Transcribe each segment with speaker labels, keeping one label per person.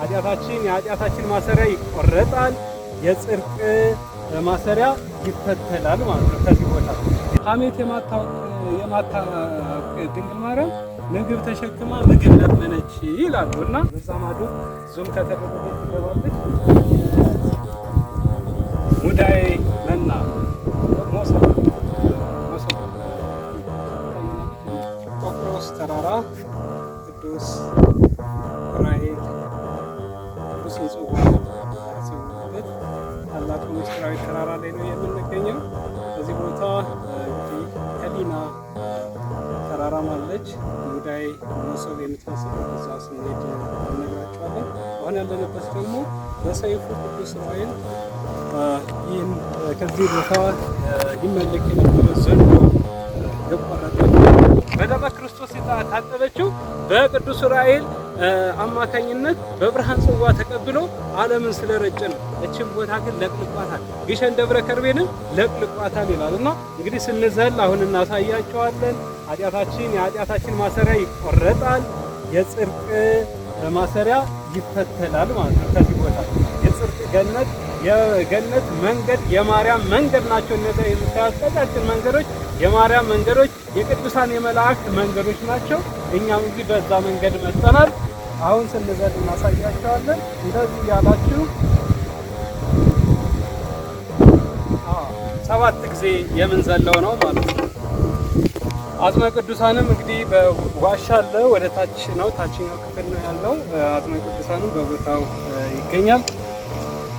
Speaker 1: ኃጢአታችን የኃጢአታችን ማሰሪያ ይቆረጣል፣ የጽድቅ ማሰሪያ ይፈተላል ማለት ነው። ከዚህ ቦታ ሐሜት የማታ ድንግል ማርያም ምግብ ተሸክማ ምግብ ለመነች ይላሉ እና በዛ ማዶ ዙም ከተደረገ ሙዳይ አለች ሙዳይ መሶብ የምትመስል እዛ ስንሄድ እነግራቸዋለን። አሁን ያለንበት ደግሞ በሰይፉ ቅዱስ ዑራኤል ይህን ከዚህ ቦታ ይመለክ የነበረ ዘንዶ የቆረጠ በደመ ክርስቶስ የታጠበችው በቅዱስ ዑራኤል አማካኝነት በብርሃን ጽዋ ተቀብሎ ዓለምን ስለረጨ ነው። እችን ቦታ ግን ለቅልቋታል፣ ግሸን ደብረ ከርቤንም ለቅልቋታል ይላል እና እንግዲህ ስንዘል አሁን እናሳያቸዋለን። ኃጢአታችን የኃጢአታችን ማሰሪያ ይቆረጣል፣ የጽድቅ ማሰሪያ ይፈተላል ማለት ነው። ከዚህ ቦታ የጽድቅ ገነት የገነት መንገድ የማርያም መንገድ ናቸው። እነዚ የምታያስቀጫችን መንገዶች የማርያም መንገዶች፣ የቅዱሳን የመላእክት መንገዶች ናቸው። እኛም እንግዲህ በዛ መንገድ መጠናል። አሁን ስንዘል እናሳያቸዋለን። እንደዚህ ያላችሁ ሰባት ጊዜ የምንዘለው ነው ማለት ነው። አጽመ ቅዱሳንም እንግዲህ በዋሻ አለ። ወደ ታች ነው፣ ታችኛው ክፍል ነው ያለው። አጽመ ቅዱሳንም በቦታው ይገኛል።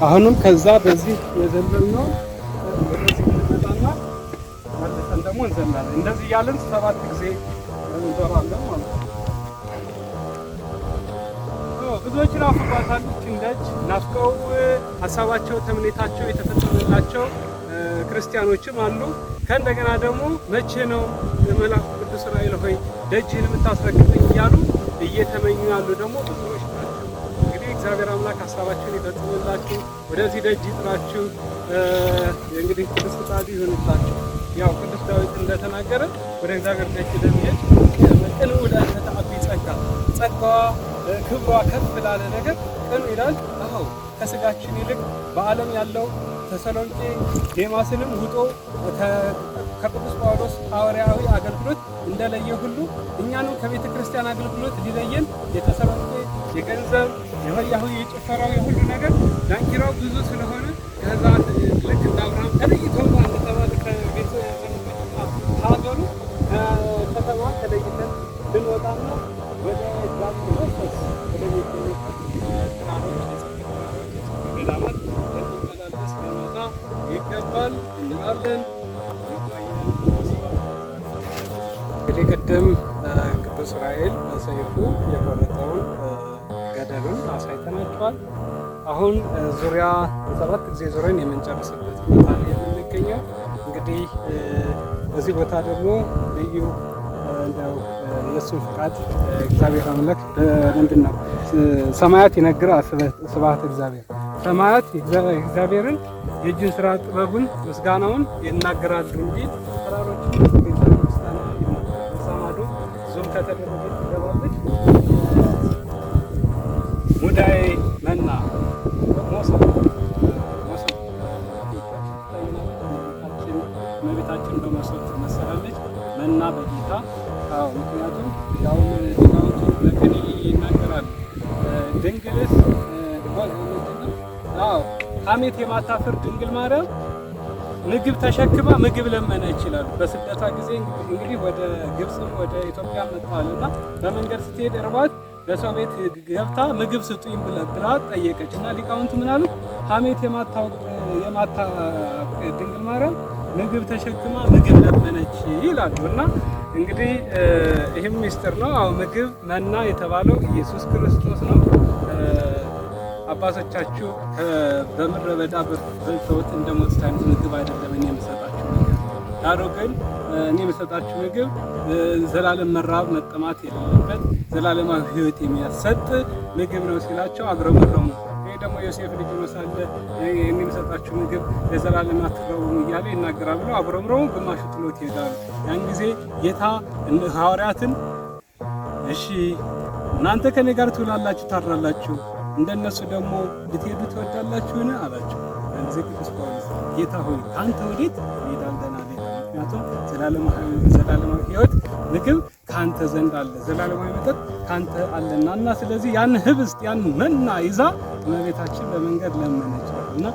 Speaker 1: አሁንም ከዛ በዚህ የዘለል ነው መልሰን ደግሞ እንዘላለን። እንደዚህ እያለን ሰባት ጊዜ እንዞራለን ማለት ነው። ብዙዎች ናፍቋታል እንደች ናፍቀው ሀሳባቸው ተምኔታቸው የተፈጸመላቸው ክርስቲያኖችም አሉ። ከእንደገና ደግሞ መቼ ነው መልአኩ ቅዱስ እስራኤል ሆይ ደጅህን የምታስረክበኝ እያሉ እየተመኙ ያሉ ደግሞ ብዙዎች ናቸው። እንግዲህ እግዚአብሔር አምላክ ሀሳባችሁን ይፈጽምላችሁ፣ ወደዚህ ደጅ ይጥራችሁ። እንግዲህ ቅዱስ ፍቃዱ ይሆንላችሁ። ያው ቅዱስ ዳዊት እንደተናገረ ወደ እግዚአብሔር ደጅ ለሚሄድ ቅን ውለተ ተአቢ ጸጋ ጸጋዋ ክብሯ ከፍ ላለ ነገር ቅን ይላል። አዎ ከስጋችን ይልቅ በዓለም ያለው ተሰሎንቄ ዴማስንም ውጦ ከቅዱስ ጳውሎስ ሐዋርያዊ አገልግሎት እንደለየ ሁሉ እኛንም ከቤተ ክርስቲያን አገልግሎት ሊለየን የተሰበሰበ የገንዘብ የሆያሁ የጭፈራው የሁሉ ነገር ዳንኪራው ብዙ ስለሆነ ከዛ እንግዲህ ቅድም ቅዱስ ዑራኤል በሰይፉ የቆረጠውን ገደሉን አሳይተናቸዋል። አሁን ዙሪያ ሰባት ጊዜ ዙሪያን የምንጨርስበት ቦታ ላይ የምንገኘው እንግዲህ በዚህ ቦታ ደግሞ ልዩ እንደው የእሱን ፍቃድ እግዚአብሔር አምላክ ምንድን ነው ሰማያት ይነግራል ስብሐት እግዚአብሔር ሰማያት እግዚአብሔርን የእጁን ስራ ጥበቡን ምስጋናውን ይናገራሉ እንጂ ተራሮች እመቤታችን በመሶት ትመሰላለች መና በጌታ ምክንያቱም ያው ሊቃውንቱ በቅኔ ይናገራል። ድንግልስ ሐሜት የማታፍር ድንግል ማርያም ምግብ ተሸክማ ምግብ ለመነ ይችላሉ። በስደቷ ጊዜ እንግዲህ ወደ ግብፅም ወደ ኢትዮጵያ እና በመንገድ ስትሄድ እርባት ለሰው ቤት ገብታ ምግብ ስጡኝ ብላ ጠየቀች እና ሊቃውንት ምናሉ ሐሜት የማታ ድንግል ማርያም ምግብ ተሸክማ ምግብ ለመነች ይላሉ እና እንግዲህ ይህም ሚስጥር ነው። አዎ ምግብ መና የተባለው ኢየሱስ ክርስቶስ ነው። አባቶቻችሁ በምድረ በዳ በልተውት እንደሞቱት አይነት ምግብ አይደለም እኔ የምሰጣችሁ ምግብ። ዳሩ ግን እኔ የምሰጣችሁ ምግብ ዘላለም መራብ መጠማት የሌለበት ዘላለማዊ ሕይወት የሚያሰጥ ምግብ ነው ሲላቸው አግረመረሙ። ደግሞ ዮሴፍ ልጅ ሆኖ ሳለ የሚሰጣችሁ ምግብ ለዘላለም አትረቡም እያለ ይናገራል ብሎ አብረምረው ግማሽ ጥሎት ይሄዳል። ያን ጊዜ ጌታ ሐዋርያትን እሺ እናንተ ከኔ ጋር ትውላላችሁ፣ ታድራላችሁ፣ እንደነሱ ደግሞ ልትሄዱ ትወዳላችሁን አላቸው። ያን ጊዜ ቅዱስ ጳውሎስ ጌታ ሆይ ከአንተ ወዴት ምክንያቱም ዘላለማዊ ህይወት ምግብ ከአንተ ዘንድ አለ፣ ዘላለማዊ መጠጥ ከአንተ አለና እና ስለዚህ ያን ህብስት ያን መና ይዛ እመቤታችን በመንገድ ለመነች እና